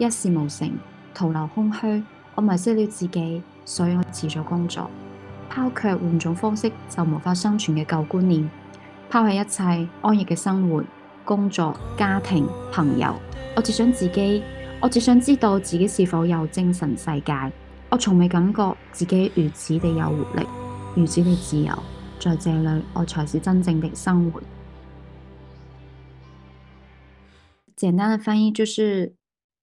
一事無成，徒留空虛，我迷失了自己，所以我辭咗工作，拋卻換種方式就無法生存嘅舊觀念，拋棄一切安逸嘅生活、工作、家庭、朋友，我只想自己，我只想知道自己是否有精神世界，我從未感覺自己如此地有活力，如此地自由，在這裏，我才是真正的生活。簡單的翻譯就是。